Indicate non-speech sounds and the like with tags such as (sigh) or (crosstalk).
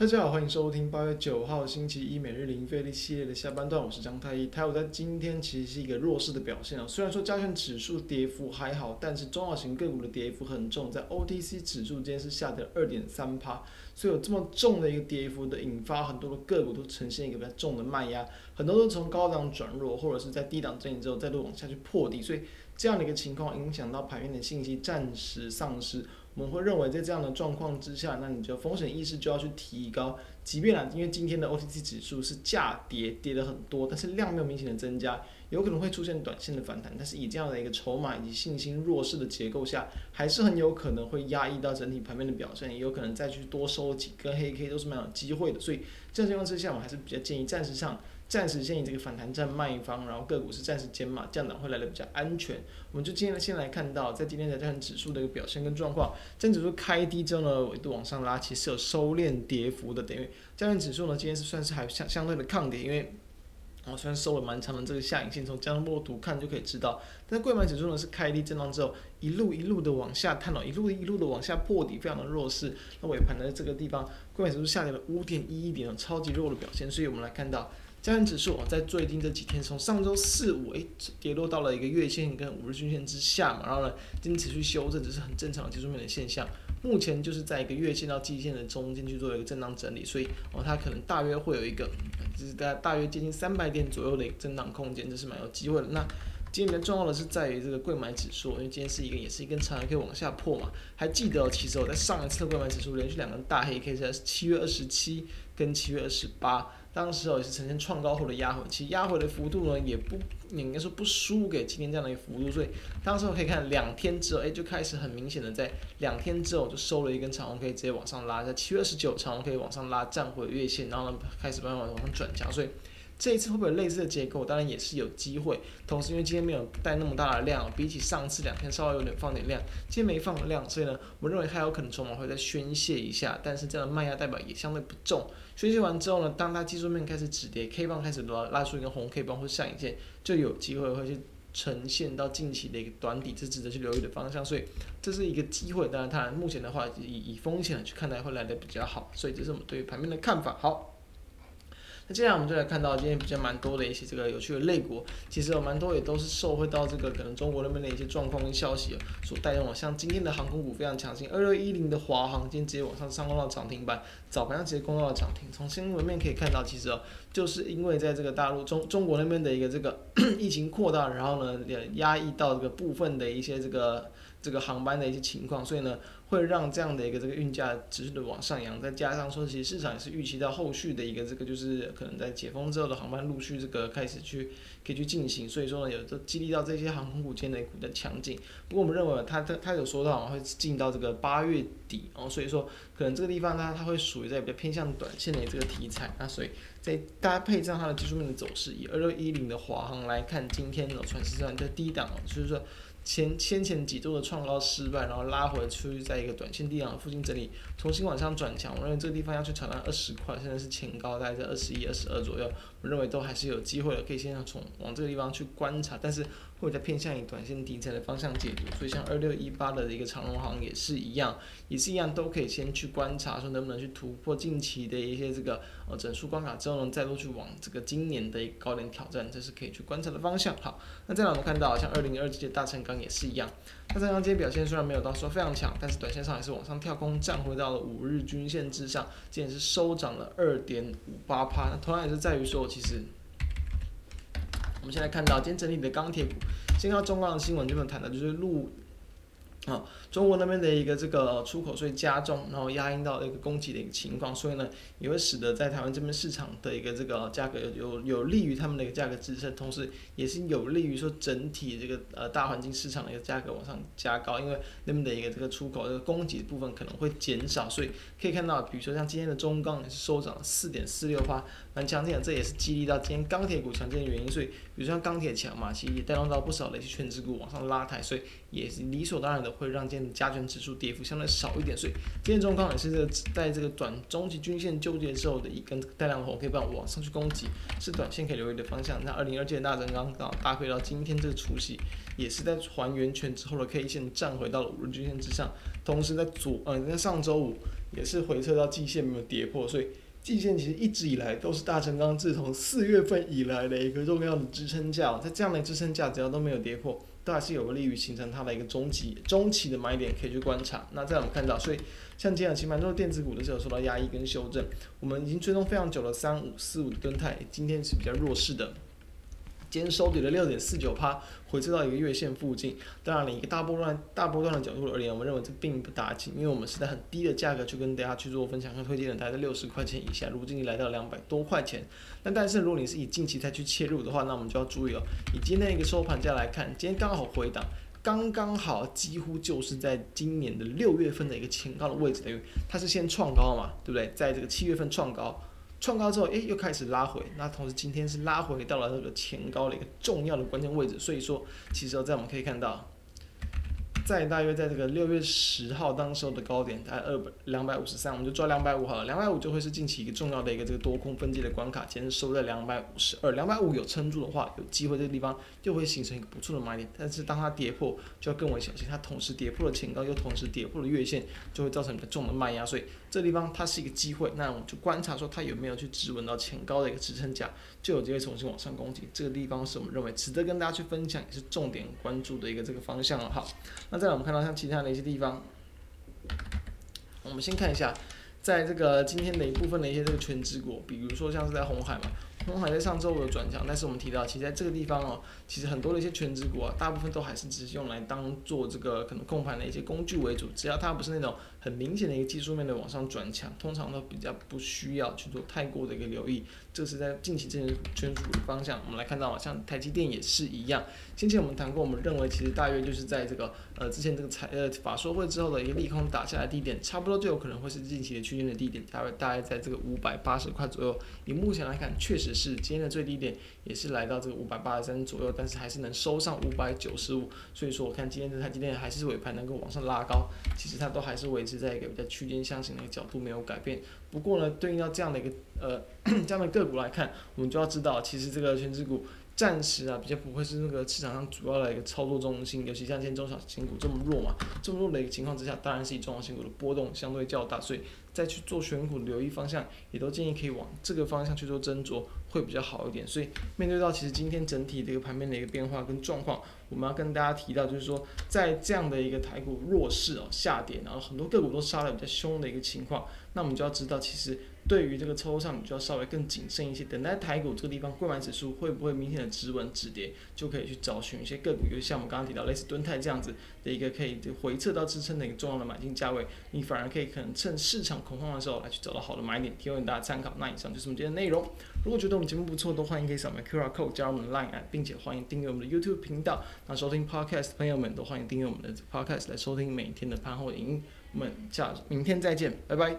大家好，歡迎收聽八月九號星期一每日零費力系列的下半段，我是張太一。台股在今天其實是一個弱勢的表現啊、喔，雖然說加權指數跌幅還好，但是中小型個股的跌幅很重，在 OTC 指數今天是下跌二點三趴，所以有這麼重的一個跌幅的引發，很多的個股都呈現一個比較重的賣壓，很多都從高檔轉弱，或者是在低檔整理之後再度往下去破底，所以。這樣的一個情況影響到盤面的信心暫時喪失，我們會認為在這樣的狀況之下，那你就風險意識就要去提高。即便呢，因為今天的 OTC 指數是價跌跌得很多，但是量沒有明顯的增加，有可能會出現短線的反彈，但是以這樣的一個籌碼以及信心弱勢的結構下，還是很有可能會壓抑到整體盤面的表現，也有可能再去多收幾個黑 K 都是蠻有機會的。所以，這樣情況之下，我還是比較建議暫時上。暫時先以這個反彈站賣方，然後個股是暫時減碼，降檔會來的比較安全。我們就今天先來看到，在今天加權指數的一個表現跟狀況，加權指數開低之後呢，維度往上拉，其實是有收斂跌幅的，等於加權指數呢今天是算是還相相對的抗跌，因為我雖然收了蠻長的這個下影線，從江波圖看就可以知道，但是櫃買指數呢是開低震盪之後一路一路的往下探了，一路一路的往下破底，非常的弱勢。那尾盤呢在這個地方，櫃買指數下跌了五點一一點，超級弱的表現，所以我們來看到。大盤指數，哦，在最近這幾天，從上周四五，哎、欸、跌落到了一個月線跟五日均線之下嘛，然後呢，今天持續修正，這是很正常的技術面的現象。目前就是在一個月線到季線的中間去做一個震盪整理，所以，哦，它可能大約會有一個，就是大大約接近三百點左右的一個震盪空間，這是蠻有機會的。那今天的重要的是在於這個櫃買指數，因為今天是一個也是一根長陽，可以往下破嘛。還記得、哦，其實我在上一次的櫃買指數連續兩根大黑 K 是七月二十七跟七月二十八。當時哦，也是曾經創高後的壓回，其實壓回的幅度呢也不，你應該說不輸給今天這樣的一個幅度，所以當時我可以看兩天之後，哎，就開始很明顯的在兩天之後就收了一根長紅，我可以直接往上拉，在七月二十九長紅可以往上拉站回月線，然後呢，開始慢慢往上轉強，所以。這一次會不會有類似的結構？當然也是有機會。同時，因為今天沒有帶那麼大的量，哦，比起上次兩天稍微有點放點量，今天沒放量，所以呢，我們認為還有可能籌碼會再宣洩一下。但是這樣的賣壓代表也相對不重。宣洩完之後呢，當它技術面開始止跌，K 棒開始拉拉出一個紅 K 棒或上影線，就有機會會去呈現到近期的一個短底，這值得去留意的方向。所以這是一個機會。當然，它目前的話以以風險去看待會來的比較好。所以這是我們對於盤面的看法。好。那接下來我們就來看到今天比較蠻多的一些這個有趣的類股，其實有蠻多也都是受惠到這個可能中國那邊的一些狀況跟消息所帶動的，像今天的航空股非常強勁，二六一零的華航今天直接往上上攻到漲停板，早盤上直接攻到了漲停。從新聞面可以看到，其實就是因為在這個大陸中中國那邊的一個這個 (coughs) 疫情擴大，然後呢也壓抑到這個部分的一些這個。這個航班的一些情況，所以呢會讓這樣的一個這個運價持續的往上揚，再加上說其實市場也是預期到後續的一個這個就是可能在解封之後的航班陸續這個開始去可以去進行，所以說呢有都激勵到這些航空股間的一股的強勁。不過我們認為它它它有說到會進到這個八月底哦，所以說可能這個地方呢，它會屬於在比較偏向短線的這個題材，那所以在搭配上它的技術面的走勢，以二六一零的華航來看，今天船上的傳是算在低檔，就是說。先先前，前幾周的創高失敗，然後拉回，出去，在一個短線地量的附近整理，重新往上轉強。我認為這個地方要去挑戰二十塊，現在是前高，大概在二十一、二十二左右。我認為都還是有機會的，可以先從往這個地方去觀察，但是。或者偏向於短線題材的方向解讀，所以像二六一八的一個長榮航也是一樣，也是一樣都可以先去觀察，說能不能去突破近期的一些這個呃、哦、整數關卡之後呢，再陸續往這個今年的一個高點挑戰，這是可以去觀察的方向。好，那再來我們看到像二零二七的大成鋼也是一樣，大成鋼今天表現雖然沒有到說非常強，但是短線上還是往上跳空站回到了五日均線之上，竟然是收漲了二點五八趴。那同樣也是在於說其實。我們先來看到今天整理的鋼鐵股，先看重磅新聞，就能談到就是路。啊，中國那邊的一個這個出口稅加重，然後壓抑到一個供給的一個情況，所以呢，也會使得在台灣這邊市場的一個這個價格有有有利於他們的一個價格支撐，同時也是有利於說整體這個呃大環境市場的一個價格往上加高，因為那邊的一個這個出口的、這個、供給的部分可能會減少，所以可以看到，比如說像今天的中鋼也是收漲四點四六趴，蠻強勁的，這也是激勵到今天鋼鐵股強勁的原因，所以比如說像鋼鐵強嘛，其實也帶動到不少的一些權值股往上拉抬，所以也是理所當然的。會讓今天的加權指數跌幅相對少一點，所以今天中鋼也是這個，在這個短中期均線糾結之後的一根帶量紅 K 棒往上去攻擊，是短線可以留意的方向。那二零二二屆的大漲剛好搭配到今天這個除息，也是在還原權之後的 K 線站回到了五日均線之上，同時在左，呃，在上周五也是回撤到季線沒有跌破，所以。季線其實一直以來都是大成鋼自從四月份以來的一個重要的支撐價，在這樣的支撐價只要都沒有跌破，都還是有個利於形成它的一個中期、中期的買點可以去觀察。那在我們看到，所以像今天早盤都是電子股的時候受到壓抑跟修正，我們已經追蹤非常久了，三五四五的敦泰，今天是比較弱勢的。今天收底了六點四九趴，回撤到一個月線附近。當然了，一個大波段、大波段的角度而言，我們認為這並不打緊，因為我們是在很低的價格去跟大家去做分享和推薦的，大概在六十塊錢以下。如今你來到兩百多塊錢。那但是如果你是以近期再去切入的話，那我們就要注意了、哦。以今天一個收盤價來看，今天剛好回檔，剛剛好幾乎就是在今年的六月份的一個前高的位置，等於它是先創高嘛，對不對？在這個七月份創高。創高之後，哎、欸，又開始拉回。那同時，今天是拉回到了那個前高的一個重要的關鍵位置，所以說，其實在我們可以看到。在大約在這個六月十號當時候的高點，大概二兩百五十三，我們就抓兩百五好了，兩百五就會是近期一個重要的一個這個多空分界的關卡。今天收在兩百五十二，兩百五有撐住的話，有機會這個地方就會形成一個不錯的買點。但是當它跌破，就要更為小心，它同時跌破了前高，又同時跌破了月線，就會造成比較重的賣壓，所以這個地方它是一個機會，那我們就觀察說它有沒有去直穩到前高的一個支撐價，就有機會重新往上攻擊。這個地方是我們認為值得跟大家去分享，也是重點關注的一個這個方向了哈。好再我們看到像其他的一些地方，我們先看一下，在這個今天的一部分的一些這個權值股，比如說像是在鴻海嘛，鴻海在上週有轉強，但是我們提到，其實在這個地方哦，其實很多的一些權值股啊，大部分都還是只是用來當做這個可能控盤的一些工具為主，只要它不是那種很明顯的一個技術面的往上轉強，通常都比較不需要去做太過的一個留意。這是在近期這些權值股的方向，我們來看到啊，像台積電也是一樣，先前我們談過，我們認為其實大約就是在這個。呃，之前這個財呃法說會之後的一個利空，打下來低點，差不多就有可能會是近期的區間的低點，大概大概在這個五百八十塊左右。以目前來看，確實是今天的最低點，也是來到這個五百八十三左右，但是還是能收上五百九十五。所以說，我看今天的台積電還是尾盤能夠往上拉高，其實它都還是維持在一個比較區間箱型的一個角度沒有改變。不過呢，對應到這樣的一個呃 (coughs) 這樣的個股來看，我們就要知道，其實這個權值股。暫時啊，比較不會是那個市場上主要的一個操作中心，尤其像今天中小型股這麼弱嘛，這麼弱的一個情況之下，當然是以中小型股的波動相對較大，所以再去做選股留意方向，也都建議可以往這個方向去做斟酌，會比較好一點。所以面對到其實今天整體的一個盤面的一個變化跟狀況，我們要跟大家提到，就是說在這樣的一個台股弱勢哦下跌，然後很多個股都殺得比較兇的一個情況，那我們就要知道其實，對於這個操作上，你就要稍微更謹慎一些。等待台股這個地方櫃買指數會不會明顯的止穩止跌，就可以去找尋一些個股，就像我們剛剛提到類似敦泰這樣子的一個可以回撤到支撐的一個重要的買進價位，你反而可以可能趁市場恐慌的時候來去找到好的買點，提供給大家參考。那以上就是我們今天的內容。如果覺得我們節目不錯，都歡迎可以掃描 QR Code 加入我們的 Line，啊、並且歡迎訂閱我們的 YouTube 頻道。那收聽 Podcast 的朋友們都歡迎訂閱我們的 Podcast 來收聽每天的盤後的影音。我們下明天再見，拜拜。